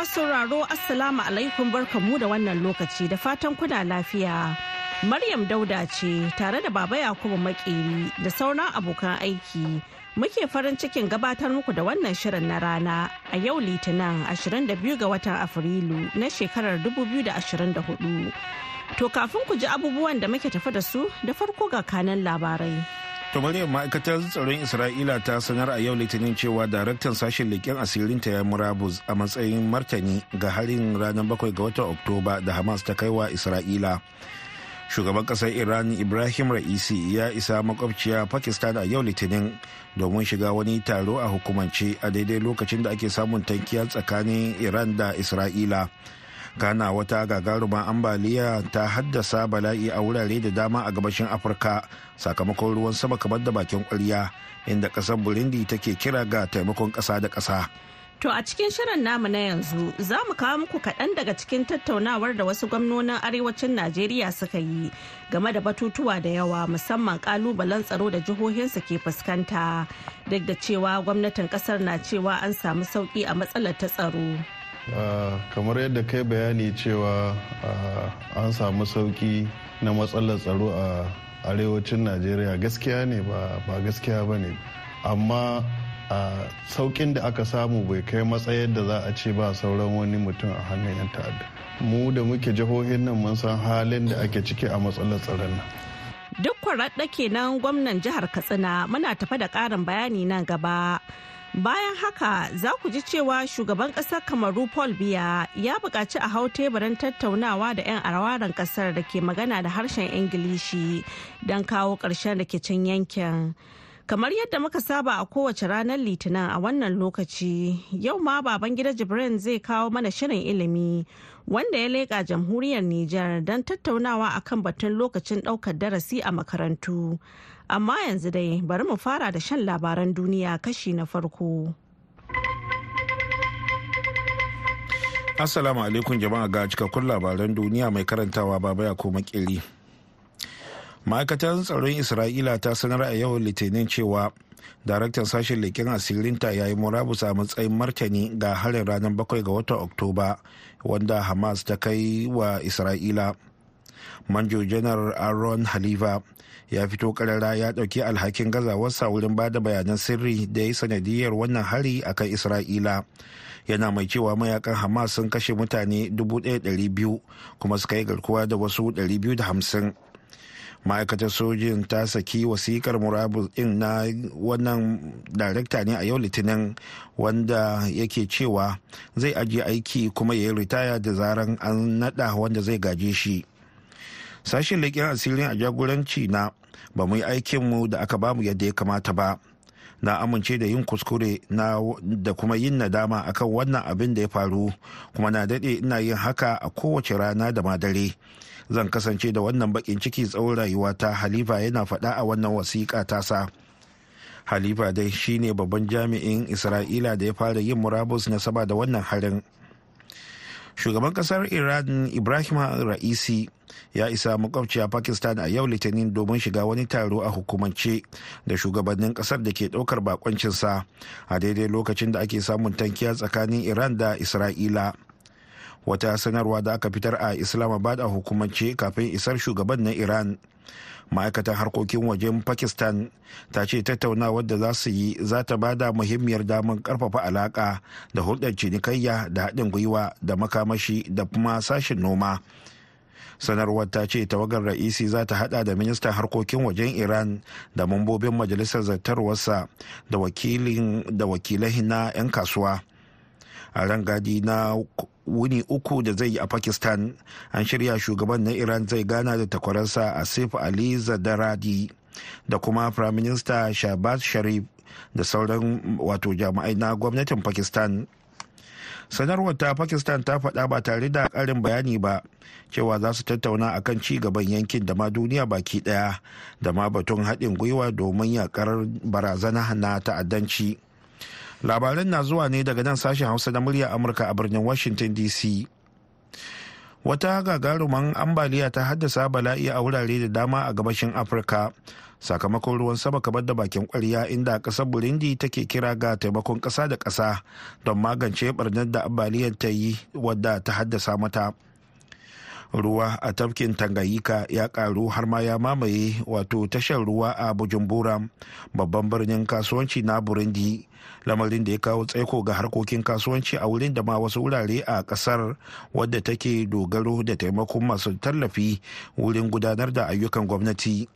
masu sauraro Assalamu alaikum barkamu da wannan lokaci da fatan kuna lafiya. Maryam Dauda ce tare da Baba Yakubu Makeri da sauran abokan aiki muke farin cikin gabatar muku da wannan shirin na rana a yau Litinin 22 ga watan Afrilu na shekarar 2024. To kafin ku ji abubuwan da muke tafi da su da farko ga kanan labarai. bari ma'aikatar tsaron Isra'ila ta sanar a yau litinin cewa daraktan sashen leƙen ta ya murabus a matsayin martani ga harin ranar bakwai ga watan Oktoba da Hamas ta kaiwa Isra'ila. Shugaban ƙasar Iran Ibrahim Ra'isi ya isa makwabciya Pakistan a yau litinin domin shiga wani taro a hukumance a daidai lokacin da ake samun tankiya tsakanin Iran da Isra'ila. kana wata gagarumar ambaliya ta haddasa bala'i a wurare da dama a gabashin afirka sakamakon ruwan sama kamar da bakin kwarya inda kasar burundi take kira ga taimakon kasa da kasa To a cikin shirin namu na yanzu za mu kawo muku kaɗan daga cikin tattaunawar da wasu gwamnonin arewacin Najeriya suka yi game da batutuwa da yawa musamman kalubalen tsaro da jihohinsu ke fuskanta duk da cewa gwamnatin ƙasar na cewa an samu sauƙi a matsalar ta tsaro. Ah, kamar yadda kai bayani cewa ah, an samu sauki na matsalar tsaro a arewacin najeriya gaskiya ne ba gaskiya ba ne amma ah, saukin da aka samu bai kai matsayar da za a ce ba sauran wani mutum a hannun 'yan ta'adda mu da muke jihohin nan mun san halin da ake ciki a matsalar tsaron nan duk kwarar kenan gwamnan jihar katsina muna tafa da karin bayani nan gaba Bayan haka za ku ji cewa shugaban ƙasar Kamaru Paul Biya ya buƙaci a hau teburin tattaunawa da 'yan arawaran ƙasar da ke magana da harshen Ingilishi don kawo ƙarshen rikicin yankin. Kamar yadda muka saba a kowace ranar Litinin a wannan lokaci, yau ma baban gida Jibrin zai kawo mana shirin ilimi wanda ya leƙa jamhuriyar Niger don tattaunawa akan batun lokacin ɗaukar darasi a makarantu. amma yanzu dai bari mu fara da shan labaran duniya kashi na farko. Assalamu alaikum jama'a ga cikakkun labaran duniya mai karantawa baba ya koma makiri Ma'aikatar tsaron Isra'ila ta sanar a yau litinin cewa daraktan sashen leƙen asirinta ya yi murabus a matsayin martani ga harin ranar bakwai ga watan Oktoba wanda Hamas ta kai wa Isra'ila. manjo janar aaron halifa ya fito karara ya dauki alhakin gazawarsa wurin ba da bayanan sirri da ya sanadiyar wannan hari a kan isra'ila yana mai cewa mayakan hamas sun kashe mutane 1,200 kuma suka yi garkuwa da wasu 250 ma'aikatar sojin ta saki wasikar murabus din na wannan darakta ne a yau litinin wanda yake cewa zai ajiye aiki kuma ya yi ritaya da zaran an nada wanda zai gaje shi sashen leƙen asirin a jagoranci na ba mu yi aikinmu da aka bamu yadda ya kamata ba na amince da yin kuskure da kuma yin nadama akan wannan abin da ya faru kuma na daɗe ina yin haka a kowace rana da madare zan kasance da wannan bakin ciki tsawon rayuwata halifa yana faɗa a wannan wasiƙa tasa halifa dai shine babban jami'in isra'ila da ya fara yin murabus na saba da wannan harin shugaban kasar iran ibrahim ra'isi ya isa makwabciya pakistan a yau litinin domin shiga wani taro a hukumance da shugabannin kasar da ke daukar bakoncinsa a daidai lokacin da ake samun tankiya tsakanin iran da isra'ila wata sanarwa da aka fitar a islamabad a hukumance kafin isar shugaban na iran ma'aikatan harkokin wajen pakistan ta ce tattaunawar da za su yi za ta ba da muhimmiyar damar karfafa alaka da hulɗar cinikayya da haɗin gwiwa da makamashi da kuma sashen noma sanarwar ta ce tawagar ra'isi za ta hada da ministan harkokin wajen iran da mambobin majalisar zartarwarsa da wakilai na 'yan kasuwa a rangadi na wuni uku da zai yi a pakistan an shirya shugaban na iran zai gana da takwararsa asif ali zadaradi da kuma prime minister shahbaz sharif da sauran wato jami'ai na gwamnatin pakistan sanarwar ta pakistan ta faɗa ba tare da ƙarin bayani ba cewa za su tattauna akan ci gaban yankin da ma duniya baki ɗaya da ma batun haɗin gwiwa domin yaƙar barazana na ta'addanci. labaran na zuwa ne daga nan sashen hausa na murya amurka a birnin washington dc wata gagaruman ambaliya ta haddasa bala'i a wurare da dama a gabashin afirka sakamakon ruwan sama kamar da bakin kwarya inda kasar burundi take kira ga taimakon kasa da kasa don magance barnar da ambaliyar ta yi wadda ta haddasa mata ruwa a tafkin tangayika ya karu har ma ya mamaye wato tashar ruwa a bujumbura babban birnin kasuwanci na burundi lamarin da ya kawo tsaiko ga harkokin kasuwanci a wurin da ma wasu wurare a kasar wadda take dogaro da taimakon masu tallafi wurin gudanar da ayyukan gwamnati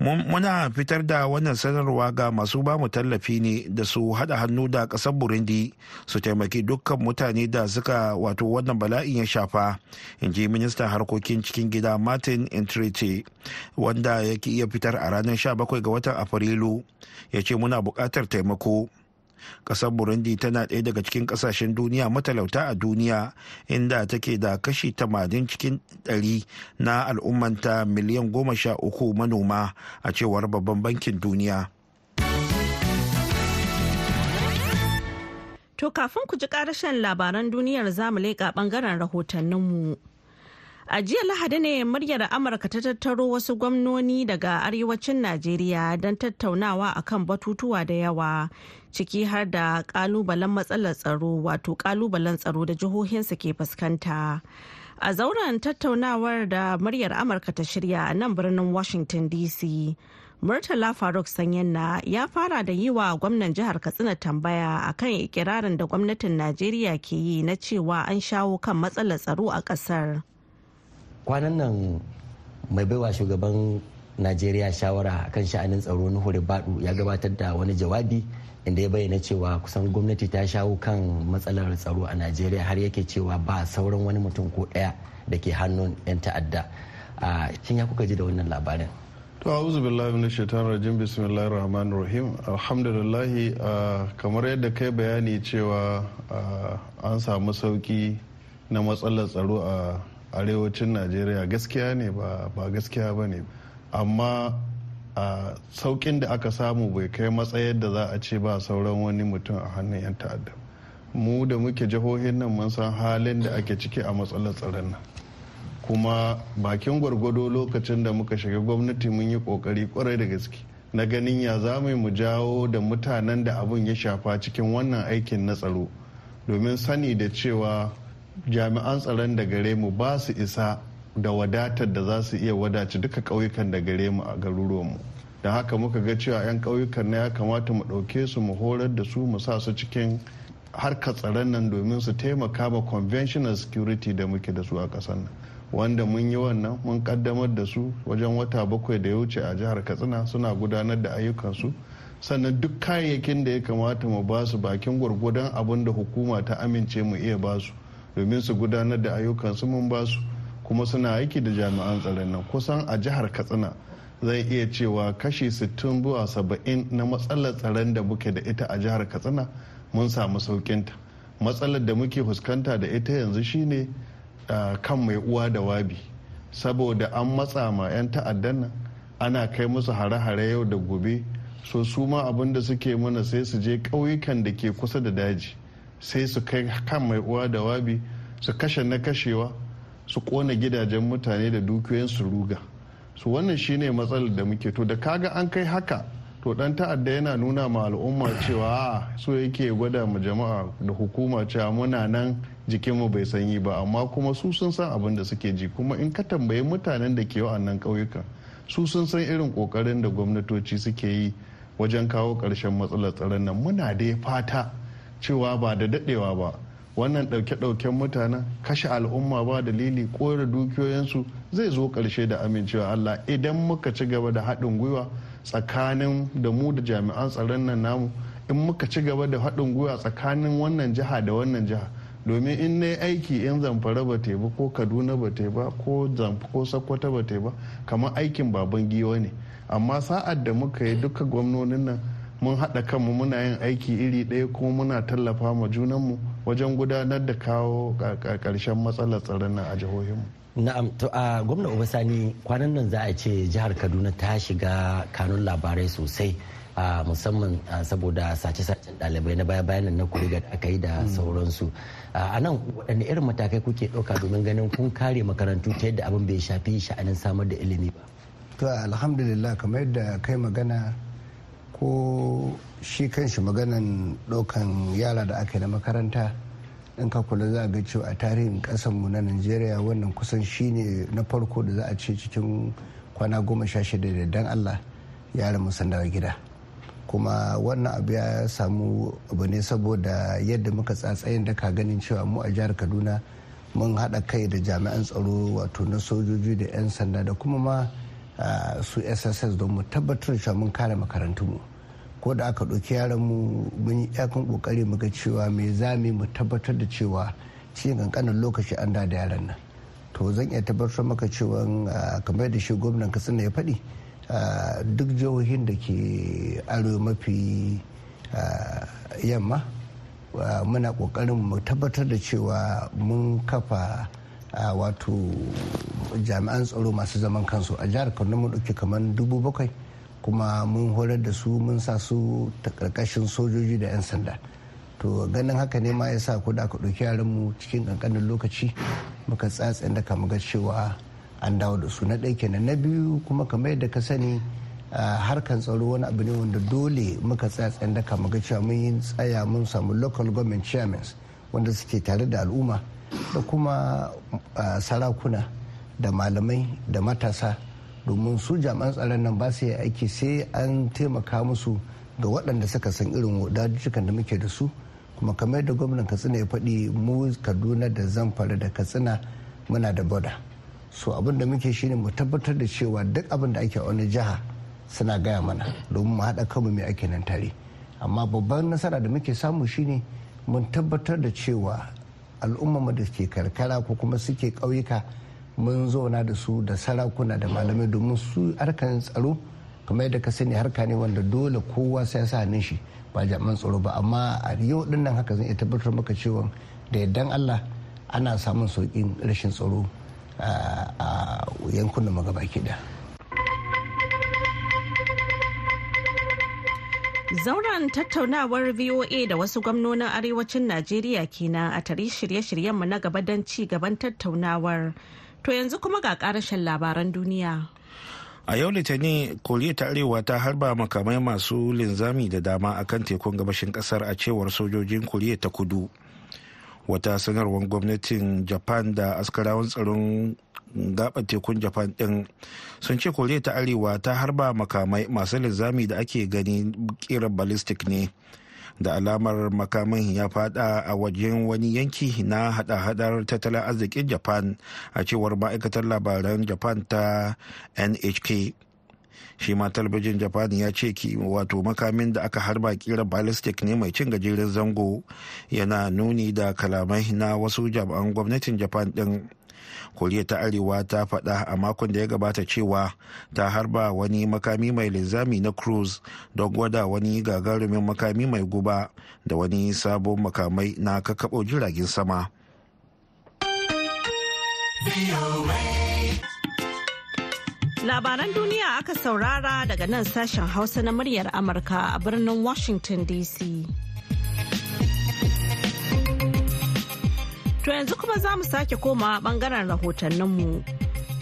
muna fitar da wannan sanarwa ga masu bamu tallafi ne da su hada hannu da kasar burundi su taimaki dukkan mutane da suka wato wannan bala'in ya shafa in ji ministan harkokin cikin gida martin entrete wanda ya fitar a ranar 17 ga watan afrilu ya ce muna bukatar taimako kasar burundi tana ɗaya daga cikin ƙasashen duniya matalauta a duniya inda take da kashi tamanin cikin ɗari na al'ummanta miliyan goma sha uku manoma a cewar babban bankin duniya To kafin ku ji ƙarashen labaran duniyar zamu leƙa ɓangaren rahotanninmu. A jiya Lahadi ne muryar Amurka ta tattaro wasu gwamnoni daga arewacin Najeriya don tattaunawa akan batutuwa da yawa ciki har da kalubalen matsalar tsaro wato kalubalen tsaro da jihohinsu ke fuskanta. A zauren tattaunawar da muryar Amurka ta shirya a nan birnin Washington DC. Murtala Faruk Sanyanna ya fara da yi wa gwamnan jihar Katsina tambaya akan ikirarin da gwamnatin Najeriya ke yi na cewa an shawo kan matsalar tsaro a ƙasar. kwanan nan mai baiwa shugaban najeriya shawara kan sha'anin tsaro nuhu badu ya gabatar da wani jawabi inda ya bayyana cewa kusan gwamnati ta shawo kan matsalar tsaro a najeriya har yake cewa ba sauran wani mutum ko ɗaya da ke hannun 'yan ta'adda shin ya kuka ji da wannan labarin to a'udhu billahi minash rajim bismillahir rahmanir rahim alhamdulillah kamar yadda kai bayani cewa an samu sauki na matsalar tsaro a arewacin najeriya gaskiya ne ba gaskiya ba ne amma a saukin da aka samu bai kai matsayar da za a ce ba sauran wani mutum a hannun 'yan ta'adda mu da muke jihohin nan mun san halin da ake ciki a matsalar tsaron nan kuma bakin gwargwado lokacin da muka shiga gwamnati mun yi kokari kwarai da gaske na ganin ya za mu jawo da mutanen da abun ya shafa cikin wannan aikin na tsaro domin sani da cewa jami'an tsaron da gare mu ba su isa da wadatar da za su iya wadace duka ƙauyukan da gare mu a garuruwanmu da haka muka ga cewa 'yan ƙauyukan na ya kamata mu ɗauke su mu horar da su mu sa su cikin harkar tsaron nan domin su taimaka ma conventional security da muke da su a ƙasar nan wanda mun yi wannan mun kaddamar da su wajen wata bakwai da ya wuce a jihar katsina suna gudanar da ayyukansu sannan duk kayayyakin da ya kamata mu ba su bakin gwargwadon abin da hukuma ta amince mu iya ba su domin su gudanar da ayyukan su mun basu kuma suna aiki da jami'an tsaron nan kusan a jihar katsina zai iya cewa kashi 60 zuwa saba'in na matsalar tsaron da muke da ita a jihar katsina mun samu saukinta matsalar da muke fuskanta da ita yanzu shine kan mai uwa da wabi saboda an matsa ma 'yan ta'addan nan ana kai musu hare-hare yau da gobe so su ma abin da suke mana sai su je ƙauyukan da ke kusa da daji sai su kai kan mai uwa da wabi su kashe na kashewa su kona gidajen mutane da dukiyoyin su ruga su wannan shine matsalar da muke to da kaga an kai haka to dan ta'adda yana nuna ma al'umma cewa so yake gwada mu jama'a da hukuma cewa muna nan jikinmu bai sanyi ba amma kuma su sun san abin da suke ji kuma in ka tambayi mutanen da ke wa'annan ƙauyukan su sun san irin ƙoƙarin da gwamnatoci suke yi wajen kawo ƙarshen matsalar tsaron nan muna dai fata cewa ba da daɗewa ba wannan ɗauke-ɗauken mutanen kashe al'umma ba dalili kore dukiyoyinsu zai zo ƙarshe da amincewa allah idan muka ci gaba da haɗin gwiwa tsakanin da mu da jami'an tsaron nan namu in muka ci gaba da haɗin gwiwa tsakanin wannan jiha da wannan jiha domin in na aiki in zamfara ba ta ba ko kaduna ba ta ba ko zamfa ko sakwata ba ta ba kamar aikin baban giwa ne amma sa'ad da muka yi duka gwamnonin nan mun haɗa kanmu muna yin aiki iri ɗaya kuma muna tallafa ma junanmu wajen gudanar da kawo karshen matsalar tsaron na a jihohinmu. Na'am, to a gwamna Obasani kwanan nan za a ce jihar Kaduna ta shiga kanun labarai sosai. a musamman saboda sace-sacen ɗalibai na baya bayanan na kuriga da aka yi da mm. sauransu a nan waɗanne irin matakai kuke ɗauka domin ganin kun kare makarantu ta yadda abin bai shafi sha'anin samar da ilimi ba to alhamdulillah kamar yadda kai magana ko shi kanshi maganan ɗaukan yara da aka yi na makaranta in ka kula za a ga cewa a tarihin mu na najeriya wannan kusan shi ne na farko da za a ce cikin kwana goma sha shida da dan allah yaran mu sandawa gida kuma wannan abu ya samu abu ne saboda yadda muka tsatsayin da ka ganin cewa mu a jihar kaduna mun haɗa kai da jami'an tsaro wato na sojoji da 'yan sanda da kuma ma ah, su sss don mu tabbatar cewa mun kare makarantunmu ko da aka ɗauki yaran mu mun yi yakan kokari muga cewa me za mu tabbatar da cewa cikin kankanin lokaci an da da yaran nan to zan iya tabbatar maka cewa ah, kamar da shi gwamnan katsina ya faɗi ah, duk jihohin da ke aro mafi ah, yamma muna kokarin mu tabbatar da cewa mun kafa wato jami'an tsaro masu zaman kansu a jihar kano mun ɗauki kamar dubu bakwai kuma mun horar da su mun sa su ta karkashin sojoji da 'yan sanda to ganin haka ne ma ya sa ku da aka ɗauki yaranmu cikin kankanin lokaci muka tsatsen da kama cewa an dawo da su na ɗaya kenan na biyu kuma kamar yadda ka sani harkan tsaro wani abu ne wanda dole muka tsatsen da kama cewa mun yi tsaya mun samu local government chairmen wanda suke tare da al'umma da kuma sarakuna da malamai da matasa domin su jami'an tsaron nan ba su yi aiki sai an taimaka musu ga waɗanda suka san irin dajujjukan da muke da su kuma kamar yadda gwamnan katsina ya faɗi mu kaduna da zamfara da katsina muna da boda so abin da muke shine mu tabbatar da cewa duk abin da ake a wani jiha suna gaya mana domin mu haɗa kanmu mai ake nan tare amma babban nasara da muke samu shine mun tabbatar da cewa al'ummar da ke karkara ko kuma suke ƙauyuka mun zauna da su da sarakuna da malamai domin su harkan tsaro kamar yadda ka sani harka ne wanda dole kowa sai sa hannun shi ba jami'an tsaro ba amma a yau din nan haka zan iya tabbatar maka cewa da yardan Allah ana samun sauƙin rashin tsaro a yankunan magabaki da. Zauren tattaunawar VOA da wasu gwamnonin arewacin Najeriya kenan a tare shirye-shiryenmu na gaba don ci gaban tattaunawar. To yanzu kuma ga karashen labaran duniya. A yau litani Koriya ta Arewa ta harba makamai masu linzami da dama akan tekun gabashin kasar a cewar sojojin Koriya ta kudu. Wata sanarwar gwamnatin Japan da askarawan tsaron gaɓa tekun Japan ɗin sun ce Koriya ta Arewa ta harba makamai masu linzami da ake gani kiran ballistic ne. da alamar makamin ya fada a wajen wani yanki na hada-hadar tattalin arzikin japan a cewar ma'aikatar labaran japan ta nhk shi ma talabijin japan ya ce ki wato makamin da aka harba kira ballistic ne mai cin gajeren zango yana nuni da kalamai na wasu jami'an gwamnatin japan din koriya ta arewa ta faɗa a makon da ya gabata cewa ta harba wani makami mai linzami na cruise don gwada wani gagarumin makami mai guba da wani sabon makamai na kakkaɓo jiragen sama labaran duniya aka saurara daga nan sashen hausa na muryar amurka a birnin washington dc To yanzu kuma za mu sake komawa bangaren rahotanninmu.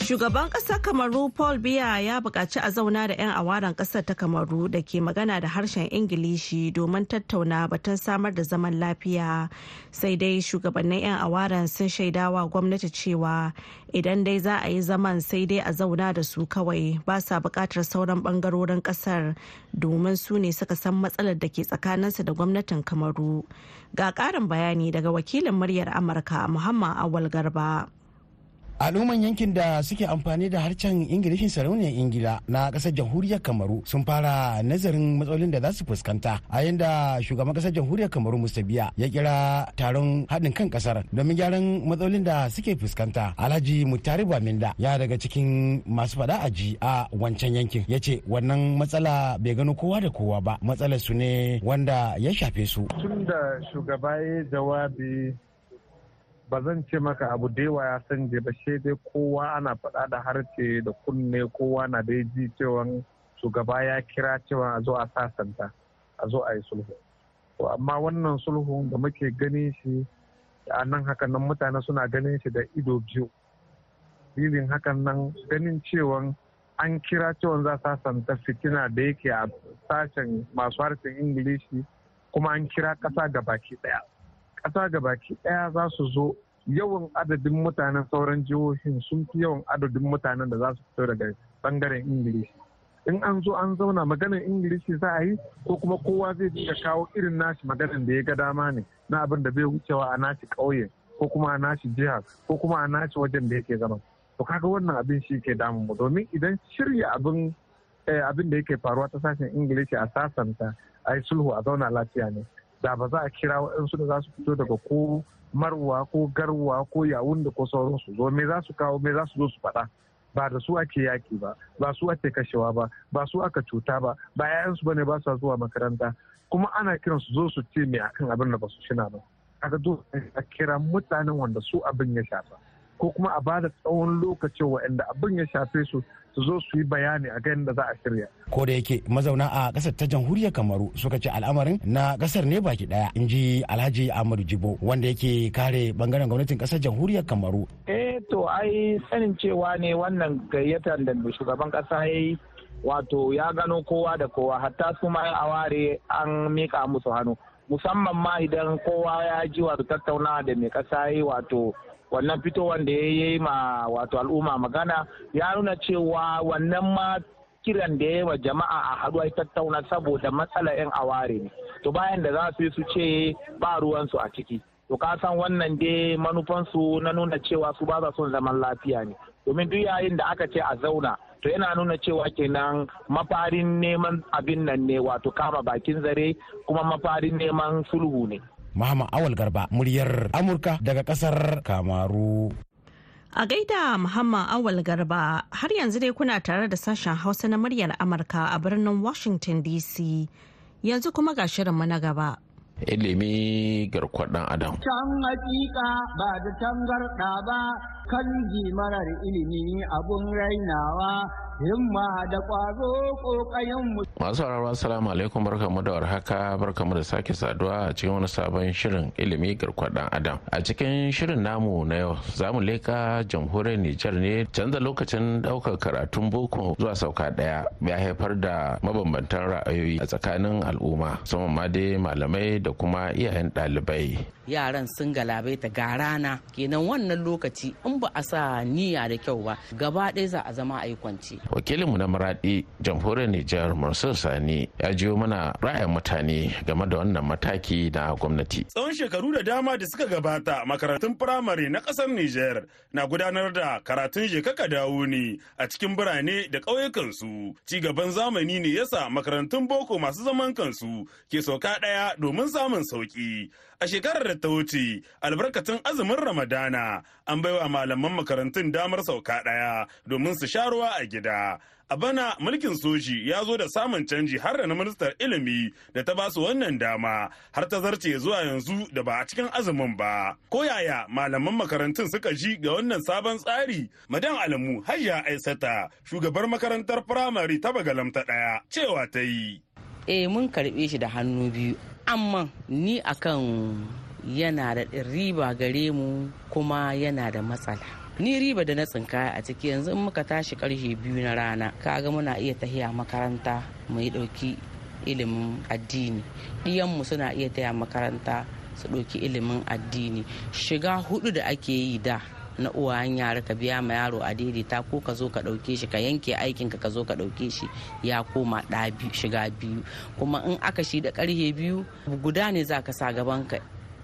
Shugaban ƙasar Kamaru Paul Biya ya buƙaci a zauna da 'yan awaran ƙasar ta Kamaru da ke magana da harshen Ingilishi domin tattauna batun samar da zaman lafiya. Sai dai shugabannin 'yan awaran sun shaidawa gwamnati cewa idan dai za a yi zaman sai dai a zauna da su kawai ba sa buƙatar sauran ɓangarorin ƙasar domin su ne suka san matsalar da ke tsakaninsu da gwamnatin Kamaru. Ga ƙarin bayani daga wakilin muryar Amurka Muhammad Awal Garba. al'umman yankin da suke amfani da harshen ingilishin sarauniyar ingila na kasar jamhuriyar kamaru sun fara nazarin matsalolin da za su fuskanta a yadda shugaban kasar jamhuriyar kamaru biya ya kira taron haɗin kan kasar domin gyaran matsalolin da suke fuskanta alhaji mutari baminda ya daga cikin masu faɗa aji a wancan yankin ya ce wannan matsala bai gano kowa da kowa ba matsalar su ne wanda ya shafe su tun da shugaba ya jawabi ba zan ce maka abu da yawa ya sanje ba shi dai kowa ana faɗa da harce da kunne kowa na da ji cewa shugaba ya kira cewa a zo a sasanta a zo a yi sulhu to amma wannan sulhun da muke gani shi a nan hakan nan mutane suna ganin shi da ido biyu dalilin hakan nan ganin cewa an kira cewa za sasanta fitina da yake a sashen masu harshen ingilishi kuma an kira ƙasa ga baki ɗaya ƙasa gabaki ɗaya za su zo yawan adadin mutanen sauran jihohin sun fi yawan adadin mutanen da za su fito daga bangaren ingilishi in an zo an zauna maganar ingilishi za a yi ko kuma kowa zai dinga kawo irin nashi maganar da ya ga dama ne na abin da bai wucewa a nashi ƙauye ko kuma a nashi jiha ko kuma a nashi wajen da yake zama to kaga wannan abin shi ke damun mu domin idan shirya abin eh, abin da yake faruwa ta sashen ingilishi a sasanta a yi sulhu a zauna lafiya ne da ba za a kira waɗansu da za su fito daga ko marwa ko garwa ko yawun da ko sauransu zo me za su kawo me za su zo su faɗa ba da su ake yaƙi ba ba su ake kashewa ba ba su aka cuta ba ba 'ya'yansu ba ne ba sa zuwa makaranta kuma ana kiran su zo su ce me akan abin da ba su shina ba aka zo a kira mutanen wanda su abin ya shafa ko kuma a ba da tsawon lokacin waɗanda abin ya shafe su su zo su yi bayani a kan da za a shirya. Ko da yake mazauna a ƙasar ta jamhuriyar Kamaru suka ce al'amarin na ƙasar ne baki ɗaya in ji Alhaji Ahmadu Jibo wanda yake kare bangaren gwamnatin ƙasar jamhuriyar Kamaru. Eh to ai sanin cewa ne wannan gayyatar da shugaban ƙasa ya yi wato ya gano kowa da kowa hatta su ma a ware an miƙa musu hannu musamman ma idan kowa ya ji wato tattaunawa da mai ƙasa yi wato wannan fitowar da ya yi ma wato al'umma magana ya nuna cewa wannan ma kiran da ya yi wa jama'a a haɗuwa tattauna saboda matsala 'yan aware ne to bayan da za su yi su ce ba ruwansu a ciki to ka san wannan da manufansu na nuna cewa su ba za su zaman lafiya ne domin duk yayin da aka ce a zauna to yana nuna cewa kenan mafarin neman abin nan ne wato kama bakin zare kuma mafarin neman sulhu ne Mahama Awal Garba muryar Amurka daga kasar Kamaru. A gaida Muhammad Awal Garba har yanzu dai kuna tare da sashen Hausa na muryar Amurka a birnin Washington DC. Yanzu kuma ga shirinmu na gaba. Ilimi garkuwar Adam. Can hakika ba da tangarɗa ba kan marar ilimi abun rainawa himma da ƙwazo ƙoƙayenmu. Masu sauraro salamu alaikum barkamu da warhaka barkamu da sake saduwa a cikin wani sabon shirin ilimi garkuwar dan adam. A cikin shirin namu na yau za mu leƙa jamhuriyar Nijar ne canza lokacin ɗaukar karatun boko zuwa sauka ɗaya ya haifar da mabambantan ra'ayoyi a tsakanin al'umma saman ma dai malamai da kuma iyayen ɗalibai. yaran sun galabaita ga rana kenan wannan lokaci in ba a sa niyya da kyau ba gaba ɗaya za a zama a yi kwanci. wakilinmu na maraɗi jamhuriyar nijar mursul sani ya jiyo mana ra'ayin mutane game da wannan mataki na gwamnati. tsawon shekaru da dama da suka gabata makarantun firamare na ƙasar nijar na gudanar da karatun shekaka dawo ne a cikin birane da ƙauyukansu ci gaban zamani ne yasa makarantun boko masu zaman kansu ke sauka ɗaya domin samun sauƙi a shekarar da ta wuce albarkacin azumin ramadana an baiwa malaman makarantun damar sauka ɗaya domin su sha ruwa a gida a bana mulkin soji ya zo da samun canji har da na ministar ilimi da ta ba su wannan dama har ta zarce zuwa yanzu da ba a cikin azumin ba ko yaya malaman makarantun suka ji ga wannan sabon tsari madan alamu aisa aisata shugabar makarantar firamare ta bagalam ɗaya cewa ta yi eh mun karɓe shi da hannu biyu amma ni akan yana da riba gare mu kuma yana da matsala ni riba da na tsinka a ciki yanzu in muka tashi karfe biyu na rana kaga muna iya tahiya makaranta mai ɗauki ilimin addini ɗiyanmu suna iya taya makaranta su ɗauki ilimin addini shiga hudu da ake yi da na uwa an yara ka biya ma yaro a daidaita ko ka zo ka ɗauke shi ka yanke aikin ka ka zo ka ɗauke shi ya koma shiga biyu kuma in aka shi da karhe biyu guda ne za ka sa gaban ka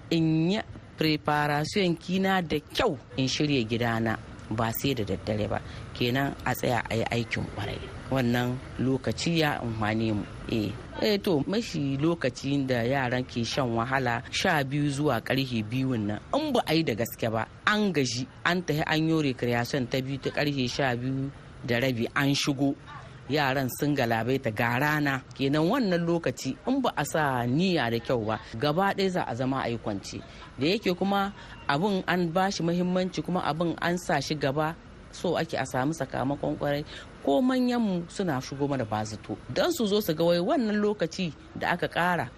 in yi preparation kina da kyau in shirya gidana ba sai da daddare ba kenan a tsaya a yi aikin kwarai wannan lokaci ya amfane mu eh, eh to mashi lokaci da yaran ke shan wahala sha biyu zuwa karhe biyun nan in ba a yi da gaske ba an gaji an tafi an yore kiryashin ta biyu ta karhe sha biyu da rabi an shigo yaran sun ta ga rana kenan wannan lokaci in ba a sa niyya da kyau ba gaba ɗaya za a zama a yi kwance da yake kuma abin an ba muhimmanci kuma abin an sa shi gaba so ake a samu sakamakon kwarai ko manyanmu suna shigo mana ba zato don su zo su ga wai wannan lokaci da aka kara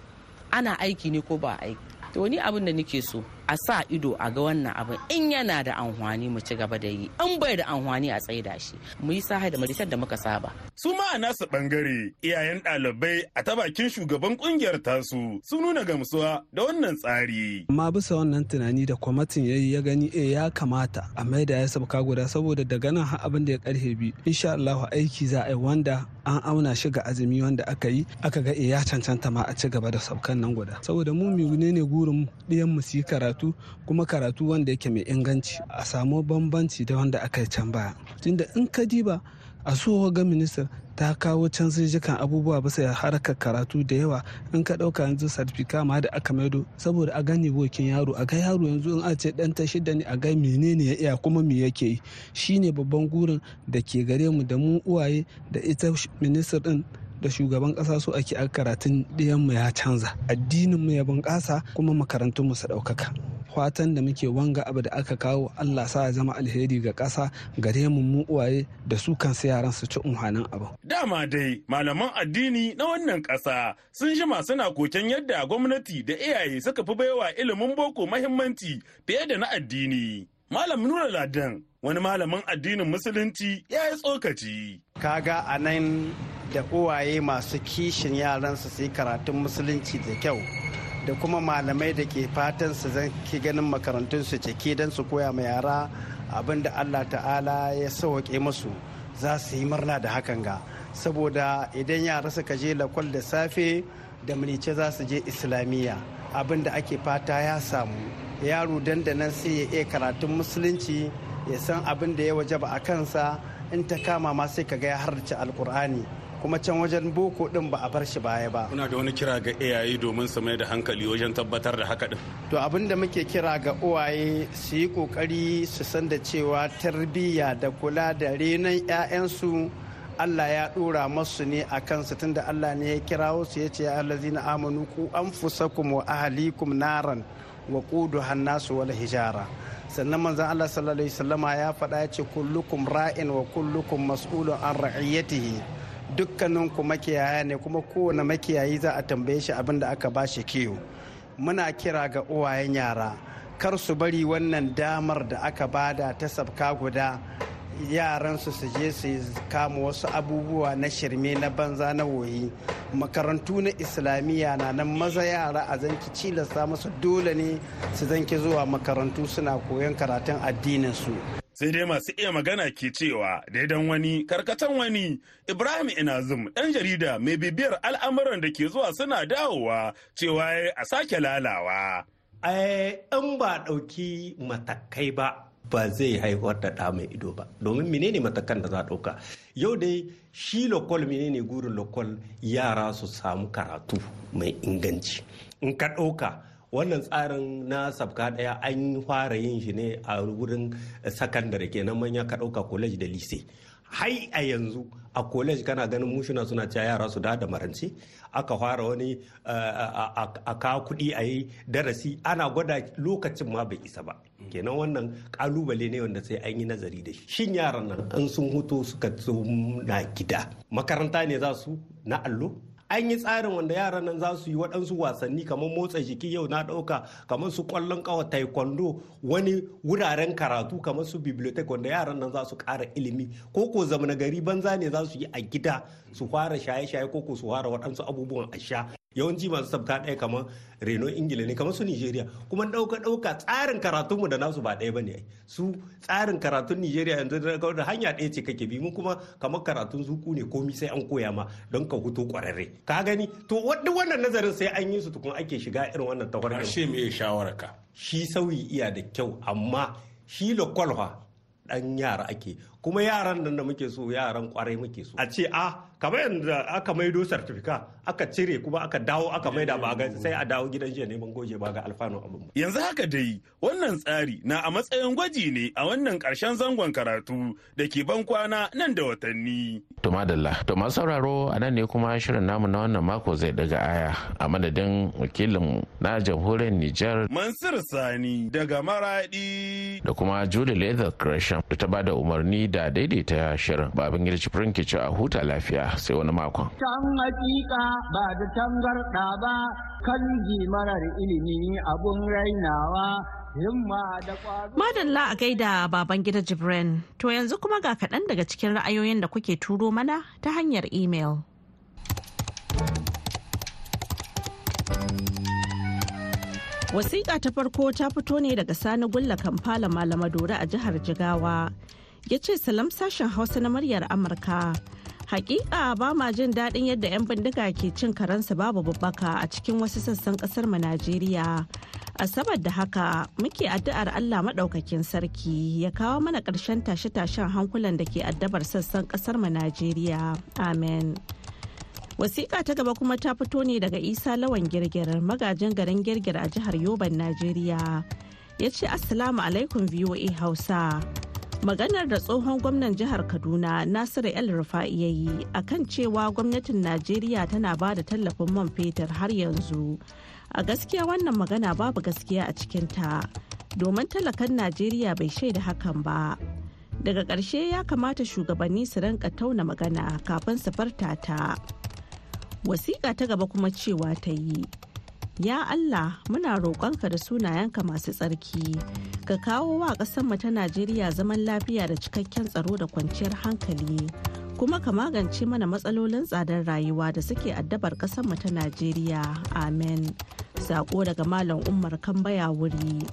ana aiki ne ko ba aiki to ni abin da nake so a sa ido a ga wannan abin in yana da amfani mu ci gaba da yi an bai da amfani a tsaida shi mu yi sahi da majalisar da muka saba su ma a nasu bangare iyayen ɗalibai a ta bakin shugaban kungiyar tasu sun nuna gamsuwa da wannan tsari amma bisa wannan tunani da kwamitin ya ya gani e ya kamata a mai da ya sabka guda saboda daga nan har abin da ya karhe bi insha Allah aiki za a yi wanda an auna shi ga azumi wanda aka yi aka ga e ya cancanta ma a ci gaba da saukan nan guda saboda mu mu ne ne gurin ɗiyan mu su yi karatu karatu kuma karatu wanda yake mai inganci a samu bambanci da wanda aka yi can baya tunda in ka diba a so ga minista ta kawo canzijikan abubuwa bisa harkar karatu da yawa in ka ɗauka yanzu sarfika ma da aka maido saboda a gani bokin yaro a ga yaro yanzu in a ce dan ta shida ne a ga menene ya iya kuma me yake yi shine babban gurin da ke gare mu da mu uwaye da ita ministar ɗin da shugaban kasa so ake a karatun mu ya canza addininmu ya bunƙasa kuma makarantunmu su ɗaukaka fatan da muke wanga abu da aka kawo Allah sa ya zama alheri ga ƙasa gare mu mu uwaye da su kansu yaran su ci unhanin abu. Dama dai malaman addini na wannan ƙasa sun jima suna koken yadda gwamnati da iyaye suka fi baiwa ilimin boko muhimmanci fiye da na addini. Malam Nura Ladan wani malamin addinin musulunci ya yi tsokaci. Kaga a nan da uwaye masu kishin yaransu su yi karatun musulunci da kyau da kuma malamai da ke fatan su zan ki ganin makarantun su cike don su koya ma yara abin da Allah ta'ala ya sauke musu za su yi murna da hakan ga saboda idan yara suka je lakwal da safe da mulice za su je islamiyya abin da ake fata ya samu yaro dandanan sai ya iya karatun musulunci ya san abin da ya ba a kansa in ta kama ma sai ka ga ya harci alkur'ani kuma can wajen boko din ba a bar shi baya ba kuna da wani kira ga iyaye domin su mai da hankali wajen tabbatar da haka din to abin da muke kira ga uwaye su yi kokari su san da cewa tarbiyya da kula da renan 'ya'yansu Allah ya dora masu ne a kansu tunda Allah ne ya kirawo su ya ce ya allazina amanu ku anfusakum wa ahlikum naran wa kudu hannasu wal hijara sannan manzon Allah sallallahu alaihi wasallama ya faɗa ya ce kullukum ra'in wa kullukum mas'ulun an ra'iyatihi dukkaninku makiyaya ne kuma kowane makiyayi za a tambaye shi abin da aka ba shi kiyo muna kira ga uwayen yara kar su bari wannan damar da aka bada ta sabka guda yaransu su je su kama wasu abubuwa na shirme na banza na woyi makarantu na islamiyya na nan maza yara a zanki cilasta masu dole ne su zanki zuwa makarantu suna koyon karatun addinin su sai dai masu iya magana ke cewa daidan wani karkatan wani ibrahim inazum ɗan jarida mai bibiyar al'amuran da ke zuwa suna dawowa cewa a sake lalawa eh, in ba ɗauki matakai ba ba zai haifar da ɗa mai ido ba domin menene matakan da za a ɗauka yau dai shi lokol menene gurin lokol yara su samu karatu mai inganci in ka ɗauka wannan tsarin na sabka ɗaya an fara yin shi ne a wurin sakandare kenan manya ka ɗauka college da lise hai a yanzu a college kana ganin mushuna suna cewa yara su da da marance aka fara wani a kawo kuɗi a yi darasi ana gwada lokacin ma bai isa ba kenan wannan kalubale ne wanda sai an yi nazari da shi shin yaran nan an sun huto suka na gida makaranta ne za su na allo an yi tsarin wanda yaran nan za su yi waɗansu wasanni kamar motsa jiki yau na ɗauka kamar su ƙwallon ƙawa taekwondo wani wuraren karatu kamar su bibliotheque wanda yaran nan za su ƙara ilimi ko ko zamana gari banza ne za su yi a gida su fara shaye-shaye ko ko su fara waɗansu abubuwan a sha yawanci masu sabta ɗaya kamar reno ingila ne kamar su nigeria kuma ɗauka ɗauka tsarin karatunmu da nasu ba ɗaya ba ne su tsarin karatun nigeria yanzu da hanya ɗaya ce kake bi mu kuma kamar karatun zuku ne komi sai an koya ma don ka huto ƙwararre. ka gani to duk wannan nazarin sai an yi su tukun ake shiga irin wannan tawarin shi me shawara ka shi sauyi iya da kyau amma shi lokwalwa dan yara ake kuma yaran nan da muke so yaran kwarai muke so a ce a ah, kamar yadda aka maido sartifika aka cire kuma aka dawo aka maida ba ga sai a dawo gidan jiya neman goje ba ga alfanu abin ba yanzu haka dai wannan tsari na a matsayin gwaji ne a wannan karshen zangon karatu da ke ban kwana nan da watanni to madalla to masu sauraro a nan ne kuma shirin namu na wannan mako zai daga aya a madadin wakilin na jamhuriyar Nijar Mansur Sani daga Maradi da kuma Julie Leather creation da ta bada umarni da da daidaita shirin babin girci furin a huta lafiya sai wani makon. Can hakika ba da tangarɗa ba kan marar ilimi abun rainawa Madalla a gaida baban gida Jibrin, to yanzu kuma ga kaɗan daga cikin ra'ayoyin da kuke turo mana ta hanyar imel. Wasiƙa ta farko ta fito ne daga Sani Gulla malama dore a jihar Jigawa. ya ce salam sashen hausa na muryar amurka hakika ba ma jin daɗin yadda 'yan bindiga ke cin karansu babu babbaka a cikin wasu sassan ƙasar mu najeriya asabar da haka muke addu'ar allah maɗaukakin sarki ya kawo mana ƙarshen tashe-tashen hankulan da ke addabar sassan ƙasar mu najeriya amen wasiƙa ta gaba kuma ta fito ne daga isa lawan girgir magajin garin girgir a jihar yoban najeriya ya ce assalamu alaikum voa hausa maganar da tsohon gwamnan jihar kaduna nasiru el rufa'i ya yi a kan cewa gwamnatin najeriya tana ba da tallafin man fetur har yanzu a gaskiya wannan magana babu gaskiya a cikinta domin talakan najeriya bai shaida hakan ba daga ƙarshe ya kamata shugabanni su rinka tauna magana kafin su farta ta wasiƙa ta gaba kuma cewa ta yi ya allah muna roƙonka da sunayenka masu tsarki ka kawo wa mu ta Najeriya zaman lafiya da cikakken tsaro da kwanciyar hankali kuma ka magance mana matsalolin tsadar rayuwa da suke addabar mu ta Najeriya. Amen. Sako daga Malam Umar Kambaya wuri.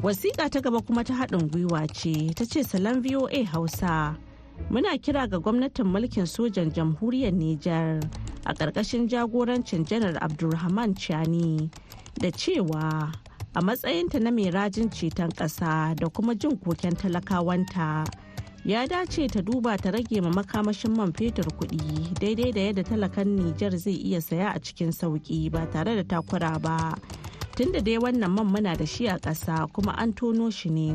Wasiƙa ta gaba kuma ta haɗin gwiwa ce ta ce salon VOA Hausa. Muna kira ga gwamnatin mulkin sojan jamhuriyar Nijar a ƙarƙashin jagorancin janar Abdulrahman Chani da cewa a matsayinta na mai rajin ceton ƙasa da kuma jin koken talakawanta ya dace ta duba ta rage ma makamashin man fetur kuɗi daidai da yadda talakan nijar zai iya saya a cikin sauƙi ba tare da takura ba tunda dai wannan man muna da shi a ƙasa kuma an tono shi ne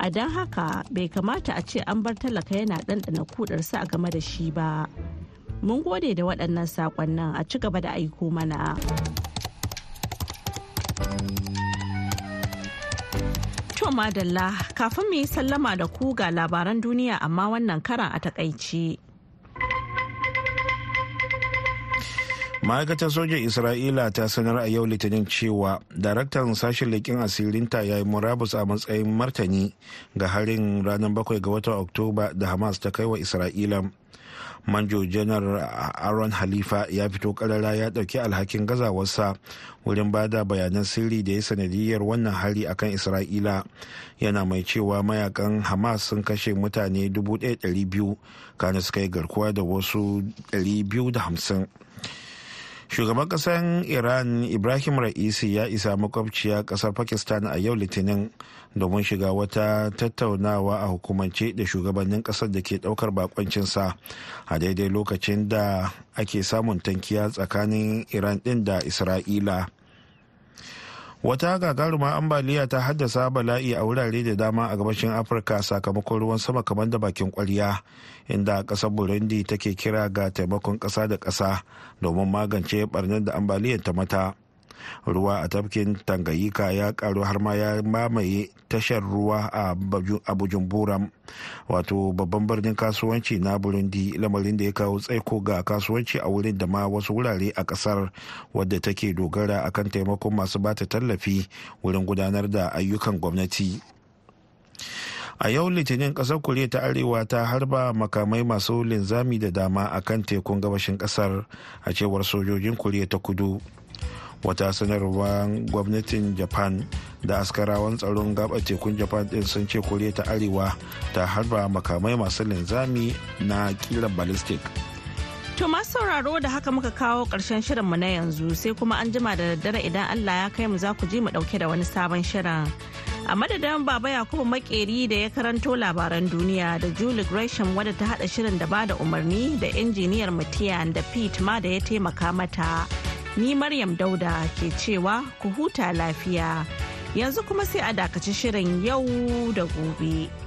a don haka bai kamata a ce an bar talaka yana ɗanɗana kudarsa a game da shi ba mun gode da waɗannan saƙonnan a ci gaba da aiko mana. To madalla kafin mu yi sallama da ku ga labaran duniya amma wannan karan a takaice. ma'aikatar sojan isra'ila ta sanar a yau litinin cewa daraktan sashen leƙin asirinta ya yi murabus a matsayin martani ga harin ranar 7 ga watan oktoba da hamas ta kai wa isra'ila manjo janar aron halifa ya fito karara ya dauki alhakin gazawarsa wurin bada bayanan sirri da ya sanadiyar wannan hari akan isra'ila yana mai cewa mayakan hamas sun kashe mutane 1200 kana suka yi garkuwa da wasu 250 shugaban kasan iran ibrahim ra'isi ya isa makwabciya kasar pakistan a yau litinin domin shiga wata tattaunawa a hukumance da shugabannin kasar da ke daukar bakoncinsa a daidai lokacin da ake samun tankiya tsakanin iran din da isra'ila wata gagaruma ambaliya ta haddasa bala'i a wurare da dama a gabashin afirka sakamakon ruwan sama kamar da bakin kwarya inda kasar burundi take kira ga taimakon kasa da kasa domin magance barnar da ambaliyar ta mata ruwa a tafkin tangayika ya karu har ma ya mamaye tashar ruwa a bujumbura wato babban birnin kasuwanci na burundi lamarin da ya kawo tsaiko ga kasuwanci a wurin da ma wasu wurare a kasar wadda take dogara akan taimakon masu bata tallafi wurin gudanar da ayyukan gwamnati a yau litinin kasar koriya ta arewa ta harba makamai masu linzami da dama a kan tekun gabashin kasar a cewar sojojin koriya ta kudu wata sanarwar gwamnatin japan da askarawan tsaron gaba tekun japan din sun ce koriya ta arewa ta harba makamai masu linzami na kilan ballistic to masu sauraro da haka muka kawo karshen mu na yanzu sai kuma an jima da daddare idan allah ya kai mu za ku ji mu dauke da wani sabon shirin a madadin baba yakubu makeri da ya karanto labaran duniya da julie gresham wadda ta hada shirin da bada umarni da injiniyar mutiyan da pete ma da ya taimaka mata Ni Maryam Dauda ke cewa ku huta lafiya. Yanzu kuma sai a dakaci shirin yau da gobe.